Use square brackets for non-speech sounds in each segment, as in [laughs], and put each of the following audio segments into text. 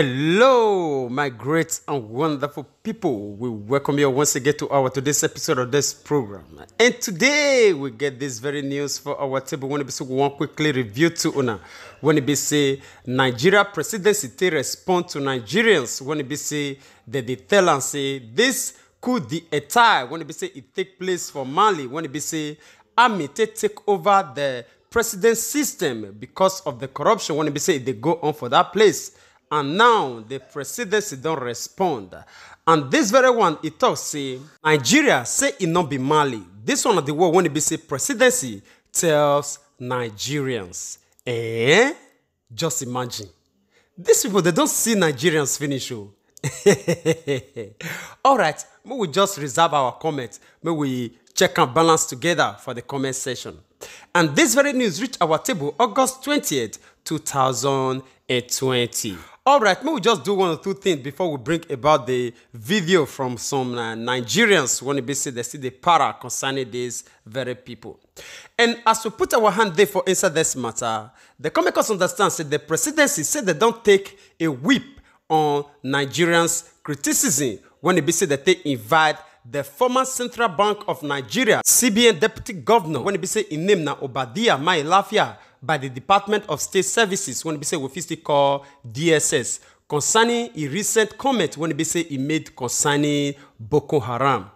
Hello, my great and wonderful people. We welcome you once again to our today's episode of this program. And today we get this very news for our table. When we one quickly review to una. When we say Nigeria presidency they respond to Nigerians. When we say that they tell and say this could the etai. When we say it take place for Mali. When we say army they take over the president system because of the corruption. When we say they go on for that place and now the presidency don't respond and this very one it tok say nigeria say it not be mali This one of the word when e be say presidency tells nigerians eh just imagine these people they don't see nigerians finish you. Oh. [laughs] All right, may we just reserve our comment May we check and balance together for the comment session? and this very news reached our table august 20th 2020 All right, may we just do one or two things before we bring about the video from some uh, Nigerians when they say they see the para concerning these very people. And as we put our hand there for inside this matter, the Comicos understand that the presidency said they don't take a whip on Nigerians' criticism when they say that they invite the former Central Bank of Nigeria, CBN Deputy Governor, when he be say in name na Obadiah Mai Lafia by the Department of State Services, when he be say we still call DSS, concerning a recent comment when he be say he made concerning Boko Haram.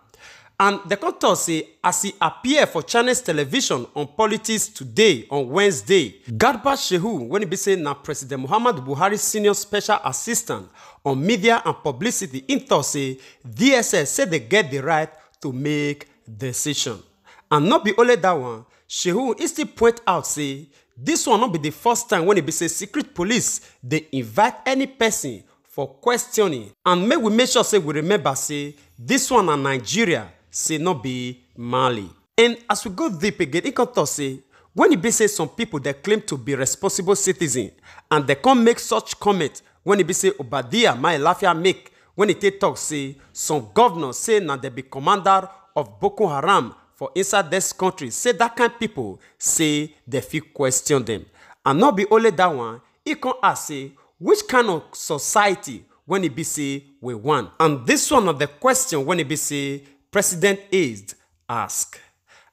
And the doctor say, as he appeared for Chinese television on politics today on Wednesday, Garba Shehu, when he be say na President Muhammad Buhari's senior special assistant on media and publicity, in Thursday, DSS say they get the right to make decision. And not be only that one, Shehu he still point out say, this will not be the first time when it be say secret police, they invite any person for questioning. And may we make sure say we remember say, this one na Nigeria, say no be mali and as we go deep again e come talk say when e be say some people dey claim to be responsible citizens and they come make such comment when e be say obadiah lafia make when e take talk say some governors say na they be commander of boko haram for inside this country say dat kain people say they fit question them, and not be only that one e can ask say which kind of society when e be say we want and this one of the question when e be say President Aids ask.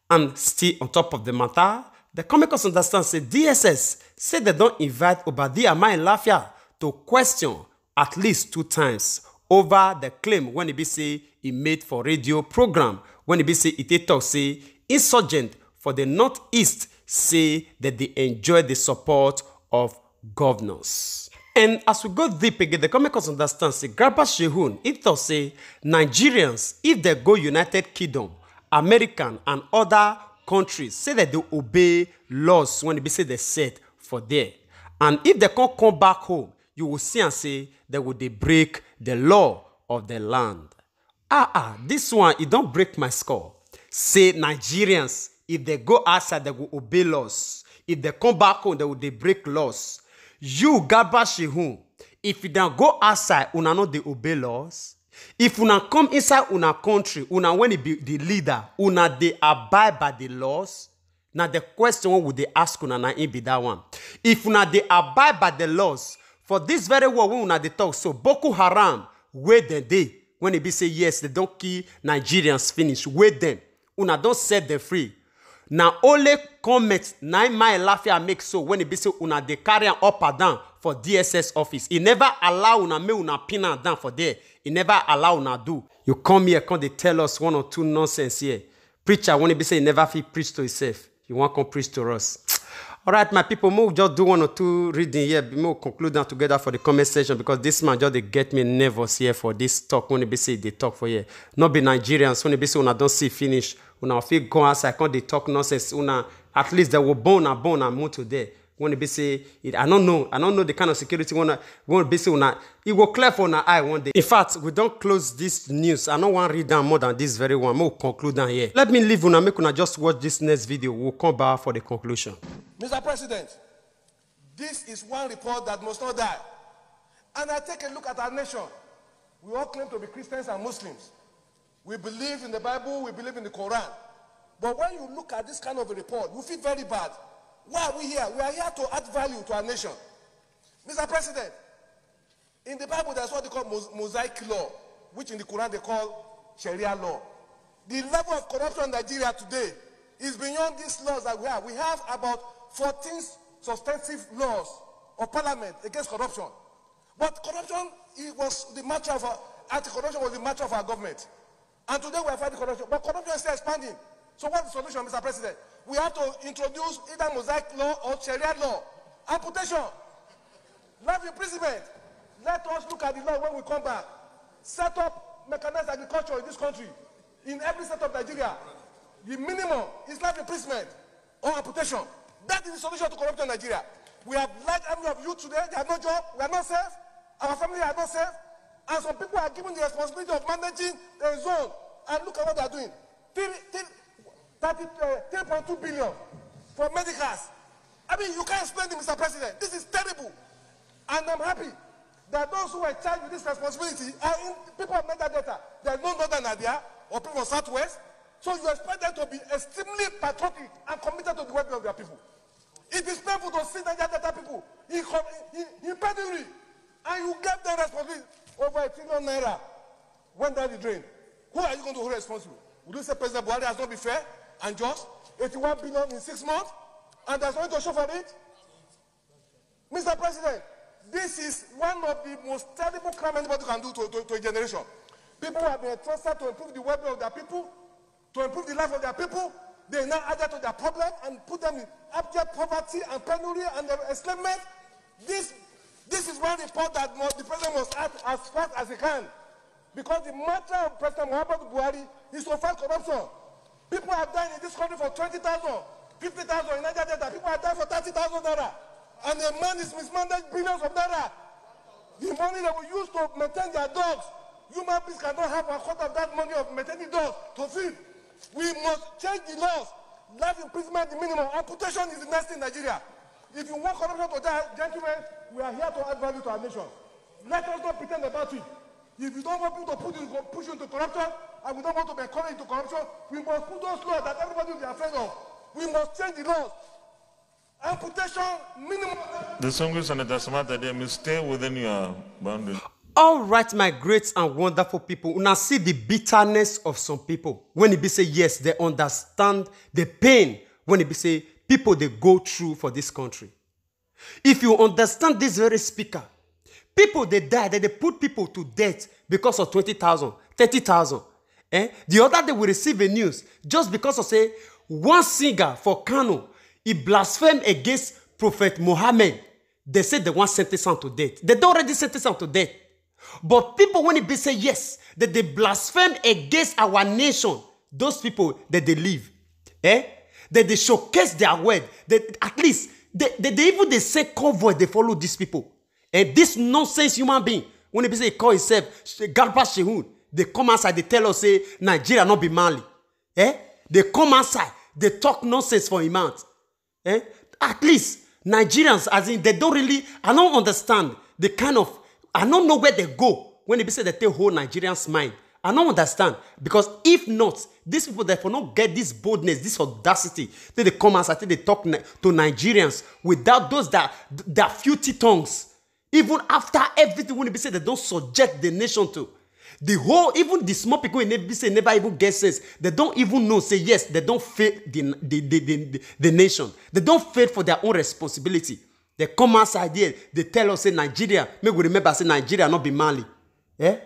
And still on top of the matter, the Comicos understand say DSS say they don't invite Obadiah Mainlafia to question at least two times over the claim when e be say e made for radio program when e be say e talk say insurgent for the northeast say that they enjoy the support of governors. And as we go deep again, the Common Cause understands, say, Grandpa Shehun, it does say, Nigerians, if they go United Kingdom, American and other countries, say that they obey laws when they be said they set for there. And if they can't come back home, you will see and say, that would they break the law of the land. Ah, ah, this one, it e don't break my score. Say Nigerians, if they go outside, they will obey laws. If they come back home, they would they break laws you gaba shehun if you don't go outside una no dey obey laws if una come inside una country una when e be the leader una dey abide by the laws na the question wey we dey ask una na im be that one if una dey abide by the laws for this very world wey una dey talk so boko haram wey dem dey when e be say yes dem don kill nigerians finish wey dem una don set dem free na only comment na im my lafiya make so when e be say una dey carry am up and down for dss office e never allow una make una pin am down for there e never allow una do you come here come dey tell us one or two nonsense here preacher when e be say e never fit preach to himself you wan come preach to us. [tsk] All right, my people, we'll just do one or two reading here. We'll conclude them together for the comment section because this man just they get me nervous here for this talk. When e be say they talk for here, not be Nigerians. When e be say "Una don see finish, una fit go outside come dey talk nonsense una at least they were born una born una motor there when e be say i no know i no know the kind of security wey wey be say una e go clear for una eye one day. in fact we don close this news i no wan read am more than this very one make we conclude am here let me leave una make una just watch this next video we we'll come back for the conclusion. mr president this is one report that must not die and i take a look at our nation we all claim to be christians and muslims We believe in the Bible, we believe in the Quran. But when you look at this kind of a report, you feel very bad. Why are we here? We are here to add value to our nation. Mr. President, in the Bible, that's what they call Mosaic law, which in the Quran they call Sharia law. The level of corruption in Nigeria today is beyond these laws that we have. We have about 14 substantive laws of parliament against corruption. But corruption it was the matter of our, anti-corruption was the matter of our government. And today we are fighting corruption. But corruption is still expanding. So what's the solution, Mr. President? We have to introduce either mosaic law or Sharia law. Amputation. Life imprisonment. Let us look at the law when we come back. Set up mechanized agriculture in this country. In every state of Nigeria. The minimum is life imprisonment or amputation. That is the solution to corruption in Nigeria. We have large army of youth today. They have no job. We are not safe. Our family are not safe. And some people are given the responsibility of managing a zone. And look at what they are doing. 3.2 uh, for medicals. I mean, you can't explain it, Mr. President. This is terrible. And I'm happy that those who are charged with this responsibility are in, people of metadata. They are no northern Abia or people of Southwest. So you expect them to be extremely patriotic and committed to the welfare of their people. It is painful to see that data people in, in, in And you give them responsibility over a trillion naira went down the drain. Who are you going to hold responsible? Would you say President Buhari has not been fair and just? 81 billion in six months, and there's nothing to show for it? Mr. President, this is one of the most terrible crimes anybody can do to, to, to a generation. People who have been entrusted to improve the well-being of their people, to improve the life of their people. They now add that to their problem and put them in abject poverty and penury and uh, enslavement. This this is where the report that the president must act as fast as he can. Because the matter of President Muhammad Buhari is so far corruption. People have died in this country for 20,000, 50,000 in Niger Delta. People have died for 30,000 naira. And the man is mismanaged billions of naira. The money that we use to maintain their dogs, human beings cannot have a quarter of that money of maintaining dogs to feed. We must change the laws. Life imprisonment, the minimum. Amputation is the next in Nigeria. If you want corruption to die, gentlemen, we are here to add value to our nation. Let us not pretend about it. If you don't want people to put in, push into corruption, and we don't want to be encouraged into corruption, we must put those laws that everybody will be afraid of. We must change the laws. Amputation, minimum. The song is on the Dasamata, they must stay within your boundaries. All right, my great and wonderful people, una see the bitterness of some people. When it be say yes, they understand the pain. When it be say people they go through for this country. If you understand this very speaker, people they die, they put people to death because of 20,000, 30,000. Eh? The other day we receive a news just because of say one singer for Kano, he blasphemed against Prophet Muhammad. They say they want sentence him to death. They don't already sentence him to death. But people, when it be say yes, that they blaspheme against our nation, those people that they live, eh? That they showcase their word, that at least they, they, they even they say convoy, they follow these people. And this nonsense human being, when they say call himself Garba Shehun, they come outside, they tell us, say, Nigeria not be Mali. Eh? They come outside, they talk nonsense for a month. Eh? At least Nigerians, as in, they don't really, I don't understand the kind of, I don't know where they go when they say they take whole Nigerians' mind. I don't understand because if not, these people therefore not get this boldness, this audacity that they come and say they talk to Nigerians without those that that filthy tongues. Even after everything when they say they don't subject the nation to the whole even the small people in Ebise never, even get sense they don't even know say yes they don't fail the the, the the the the nation they don't fail for their own responsibility they come outside there they tell us say Nigeria make we remember say Nigeria not be Mali eh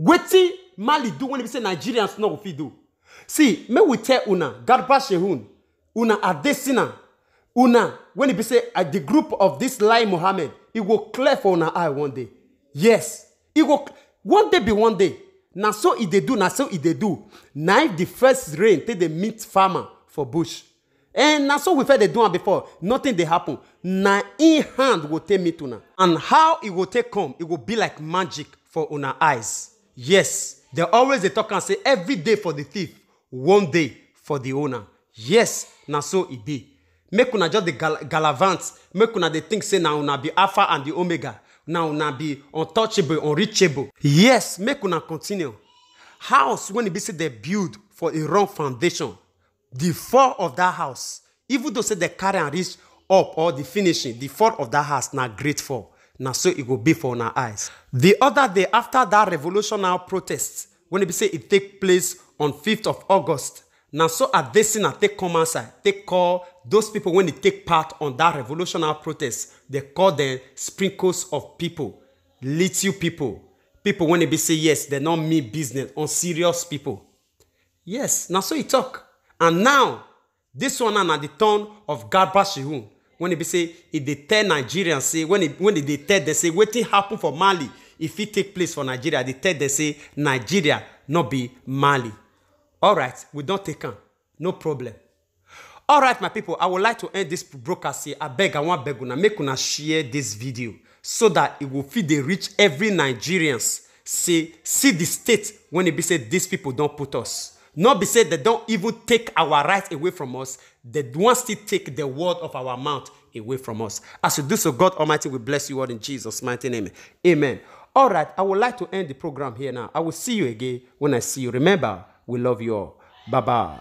wetin mali do when we say nigerians no fit do see may we tell una God bless shehun una adesina una when e say at uh, the group of this lie, mohammed it will clear for una eye one day yes it will. one day be one day na so e they do na so e they do na if the first rain take dey meet farmer for bush and eh, na so we've first dey do am before nothing they happen na in hand will take me to una and how it will take come it will be like magic for una eyes. Yes, they always they talk and say every day for the thief, one day for the owner. Yes, na so it e be. Make una just the gal galavant, make una the think say na una be Alpha and the Omega, na una be untouchable, unreachable. Yes, make una continue. House when e be say they build for a wrong foundation, the fall of that house, even though say they carry and reach up or the finishing, the fall of that house na great fall na so e go be for una eyes. di oda day afta dat revolutionary protest wey be say e take place on 5th of august na so adesina take come outside take call those pipo wey dey take part on dat revolutionary protest dey call dem sprinkles of pipo little pipo pipo wey be say yes dem no mean business on serious pipo yes na so e talk, and now dis one na di turn of garba Shehu when they say if they tell nigerians say when when they tell they say wetin happen for mali if e it take place for nigeria they tell they say nigeria not be mali All right, we don't take on no problem All right, my people, i would like to end this broadcast here beg, i want beg una make una share this video so that it will feed the reach every nigerians say see the state when e be say these people don't put us Not be said they don't even take our rights away from us. They want to take the word of our mouth away from us. As you do so, God Almighty will bless you all in Jesus' mighty name. Amen. All right, I would like to end the program here now. I will see you again when I see you. Remember, we love you all. Bye bye.